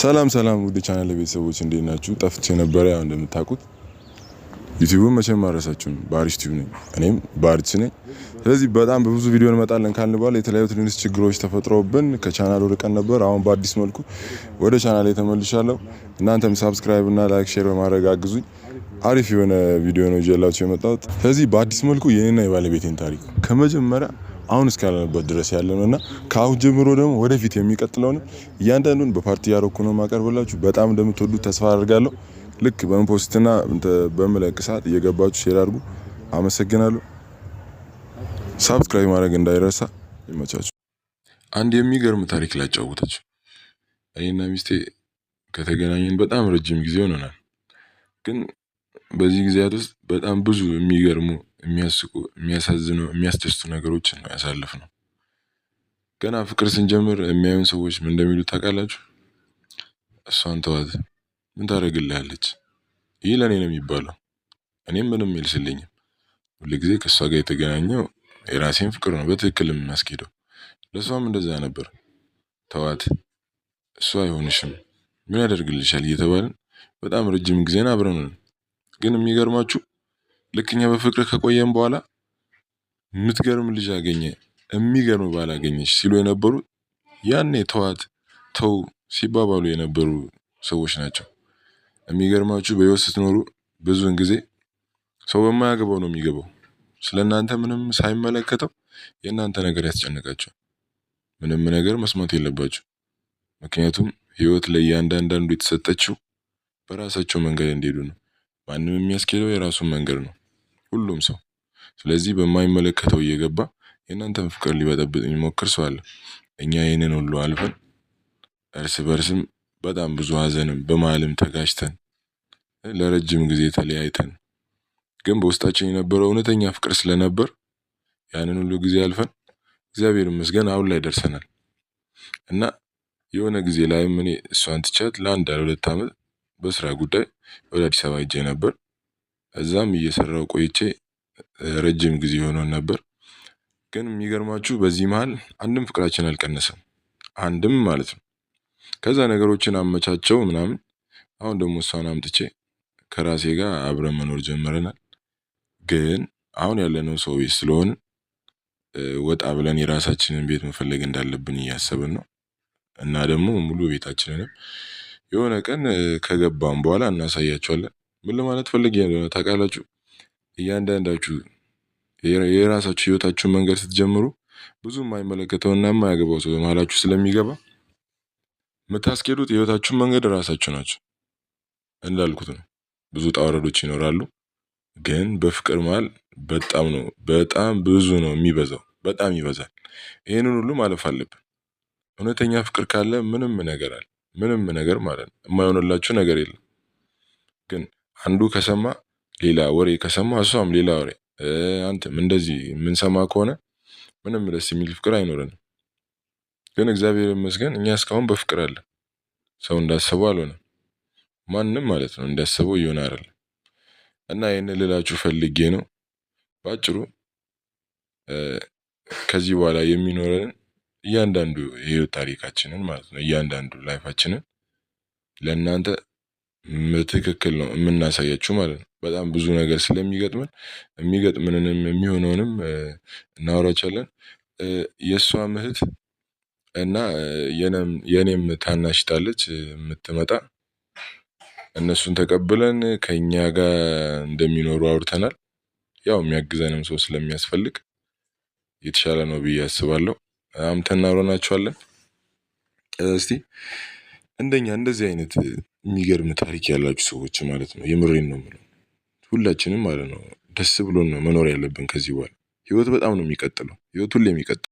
ሰላም ሰላም ውድ ቻናል ቤተሰቦች እንዴት ናችሁ? ጠፍቼ ነበረ። ያው እንደምታውቁት ዩቲዩብን መቼም አረሳችሁም። ባሪሽ ቲዩብ ነኝ፣ እኔም ባሪሽ ነኝ። ስለዚህ በጣም በብዙ ቪዲዮ እንመጣለን ካልን በኋላ የተለያዩ ትንንሽ ችግሮች ተፈጥሮብን ከቻናሉ ርቀን ነበር። አሁን በአዲስ መልኩ ወደ ቻናል ተመልሻለሁ። እናንተም ሳብስክራይብ እና ላይክ፣ ሼር በማድረግ አግዙኝ። አሪፍ የሆነ ቪዲዮ ነው ይዤላችሁ የመጣሁት። ስለዚህ በአዲስ መልኩ የኔና የባለቤቴን ታሪክ ከመጀመሪያ አሁን እስካለንበት ድረስ ያለ ነው እና ከአሁን ጀምሮ ደግሞ ወደፊት የሚቀጥለውን እያንዳንዱን በፓርቲ ያረኩ ነው ማቀርብላችሁ። በጣም እንደምትወዱት ተስፋ አድርጋለሁ። ልክ በምፖስትና በምለቅ ሰዓት እየገባችሁ ሼር አድርጉ። አመሰግናለሁ። ሳብስክራይብ ማድረግ እንዳይረሳ። ይመቻችሁ። አንድ የሚገርም ታሪክ ላጫወታችሁ። እኔና ሚስቴ ከተገናኘን በጣም ረጅም ጊዜ ሆነናል ግን በዚህ ጊዜያት ውስጥ በጣም ብዙ የሚገርሙ የሚያስቁ የሚያሳዝኑ የሚያስደስቱ ነገሮችን ነው ነው። ገና ፍቅር ስንጀምር የሚያዩን ሰዎች ምን እንደሚሉ ታውቃላችሁ? እሷን ተዋት፣ ምን ታደርግልሃለች? ይህ ለእኔ ነው የሚባለው። እኔም ምንም ይልስልኝም። ሁልጊዜ ከእሷ ጋር የተገናኘው የራሴን ፍቅር ነው በትክክል የሚያስጌደው ለእሷም እንደዛ ነበር። ተዋት፣ እሷ አይሆንሽም፣ ምን ያደርግልሻል እየተባልን በጣም ረጅም ጊዜን አብረን ግን የሚገርማችሁ ልክ እኛ በፍቅር ከቆየን በኋላ የምትገርም ልጅ አገኘ፣ የሚገርም ባል አገኘች ሲሉ የነበሩ ያኔ ተዋት ተው ሲባባሉ የነበሩ ሰዎች ናቸው። የሚገርማችሁ በህይወት ስትኖሩ ብዙውን ጊዜ ሰው በማያገባው ነው የሚገባው። ስለ እናንተ ምንም ሳይመለከተው የእናንተ ነገር ያስጨነቃቸው ምንም ነገር መስማት የለባቸው። ምክንያቱም ህይወት ለእያንዳንዳንዱ የተሰጠችው በራሳቸው መንገድ እንዲሄዱ ነው። ማንም የሚያስኬደው የራሱን መንገድ ነው። ሁሉም ሰው ስለዚህ በማይመለከተው እየገባ የእናንተን ፍቅር ሊበጠብጥ የሚሞክር ሰው አለ። እኛ ይህንን ሁሉ አልፈን እርስ በርስም በጣም ብዙ ሀዘንም በመሀልም ተጋጭተን ለረጅም ጊዜ ተለያይተን ግን በውስጣችን የነበረው እውነተኛ ፍቅር ስለነበር ያንን ሁሉ ጊዜ አልፈን እግዚአብሔር ይመስገን አሁን ላይ ደርሰናል እና የሆነ ጊዜ ላይም እኔ እሷን ትቻት ለአንድ ለሁለት ዓመት በስራ ጉዳይ ወደ አዲስ አበባ ሄጄ ነበር። እዛም እየሰራው ቆይቼ ረጅም ጊዜ ሆኖን ነበር። ግን የሚገርማችሁ በዚህ መሀል አንድም ፍቅራችን አልቀነሰም አንድም ማለት ነው። ከዛ ነገሮችን አመቻቸው ምናምን አሁን ደግሞ እሷን አምጥቼ ከራሴ ጋር አብረን መኖር ጀምረናል። ግን አሁን ያለነው ሰው ቤት ስለሆን ወጣ ብለን የራሳችንን ቤት መፈለግ እንዳለብን እያሰብን ነው። እና ደግሞ ሙሉ ቤታችንንም የሆነ ቀን ከገባም በኋላ እናሳያቸዋለን። ምን ለማለት ፈልጌ እንደሆነ ታውቃላችሁ? እያንዳንዳችሁ የራሳችሁ ህይወታችሁን መንገድ ስትጀምሩ ብዙ የማይመለከተውና የማያገባው ሰው በመሀላችሁ ስለሚገባ የምታስኬዱት የህይወታችሁን መንገድ ራሳችሁ ናቸው። እንዳልኩት ነው፣ ብዙ ውጣ ይኖራሉ። ግን በፍቅር መሀል በጣም ነው በጣም ብዙ ነው የሚበዛው፣ በጣም ይበዛል። ይህንን ሁሉ ማለፍ አለብን። እውነተኛ ፍቅር ካለ ምንም ነገር አለ ምንም ነገር ማለት ነው። የማይሆንላችሁ ነገር የለም። ግን አንዱ ከሰማ ሌላ ወሬ ከሰማ እሷም ሌላ ወሬ አንተም እንደዚህ የምንሰማ ከሆነ ምንም ደስ የሚል ፍቅር አይኖረንም። ግን እግዚአብሔር ይመስገን እኛ እስካሁን በፍቅር አለ። ሰው እንዳሰበው አልሆነም። ማንም ማለት ነው እንዳሰበው እየሆነ አይደለም። እና ይህን ልላችሁ ፈልጌ ነው። በአጭሩ ከዚህ በኋላ የሚኖረን እያንዳንዱ የህይወት ታሪካችንን ማለት ነው እያንዳንዱ ላይፋችንን ለእናንተ ትክክል ነው የምናሳያችሁ ማለት ነው። በጣም ብዙ ነገር ስለሚገጥመን የሚገጥምንንም የሚሆነውንም እናወራቻለን። የእሷ ምህት እና የእኔም ታናሽ ታለች የምትመጣ እነሱን ተቀብለን ከእኛ ጋር እንደሚኖሩ አውርተናል። ያው የሚያግዘንም ሰው ስለሚያስፈልግ የተሻለ ነው ብዬ አስባለሁ። አምተን እናውራናቸዋለን። እስቲ እንደኛ እንደዚህ አይነት የሚገርም ታሪክ ያላችሁ ሰዎች ማለት ነው፣ የምሬን ነው የምለው ሁላችንም ማለት ነው ደስ ብሎን ነው መኖር ያለብን ከዚህ በኋላ ህይወት በጣም ነው የሚቀጥለው። ህይወት ሁሌ የሚቀጥለው